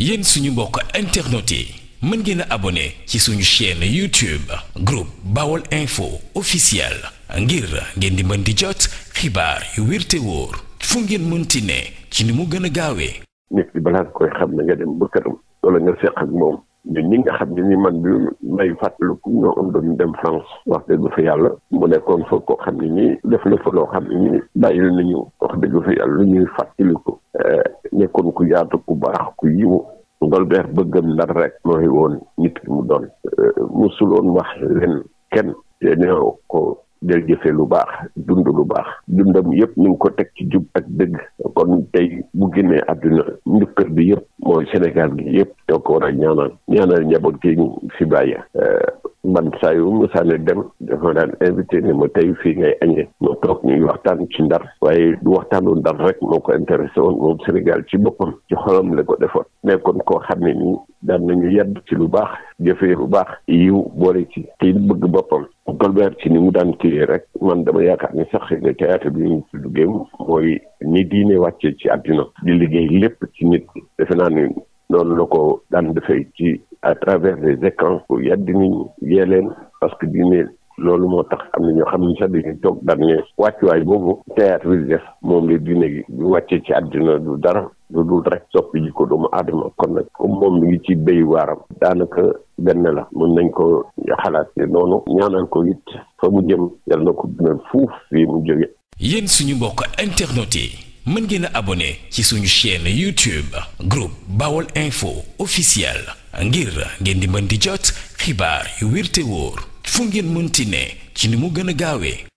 yéen suñu mbokk internet yi mën ngeen a abone ci suñu chaîne YouTube groupe Bawol info officiel ngir ngeen di mën di jot xibaar yu wér te wóor fu ngeen mënti ne ci ni mu gën a gaawee. nit ki balaa koy xam ne nga dem ba këram wala nga seq ak moom ñun ñi nga xam ne ni man bi may fàttaliku ñoo am dañu dem France wax dëgg fa yàlla mu nekkoon foog ko xam ne nii def na fa loo xam ne nii bàyyil nañu wax dëgg fa yàlla lu ñuy fàttaliku. nekkoon ku yaatu ku baax ku yiwu Golbert bëggam ndar rek mooy woon nit mu doon euh, musul wax leen kenn te neew ko del jëfe lu baax dund lu baax dundam yëpp ñu ngi ko teg ci jub ak dëgg kon tey bu génnee àdduna njukkal bi yëpp mooy Sénégal gi yëpp te ko war a ñaanal ñaanal njaboot gi fi bàyyi euh, man saa yu musaane dem dafa daan invité ne ma tey fii ngay añee ma toog ñuy waxtaan ci ndar waaye du waxtaanu ndar rek moo ko intéressé woon moom Sénégal ci boppam ci xolam la ko defoon kon koo xam ne nii daan nañu yedd ci lu baax jëfee lu baax yiw boole ci te bëgg boppam Colbert ci ni mu daan téye rek man dama yaakaar ni sax ne bi ñu duggee mooy ni diine wàcce ci àddina di liggéey lépp ci nit defe naa ni noonu la ko daan defee ci à travers les écrans pour yàdd nit ñi yee leen parce que diine loolu moo tax am na ñoo xam ne sax dañuy toog daan ne wàccuwaay boobu théâtre bi def moom la diine gi bu wàccee ci àddina du dara lu dul rek soppi ji ko doomu aadama kon nag comme moom mi ngi ci béy waaram daanaka benn la mën nañ ko xalaat noonu ñaanal ko it fa mu jëm yàlla na ko gënal fuuf fii mu jóge yéen suñu mbokk internet mën ngeen a abonné ci suñu chaîne YouTube groupe Baol info officiel ngir ngeen di mën di jot xibaar yu wér te wóor fu ngeen mënti ne ci ni mu gën a gaawee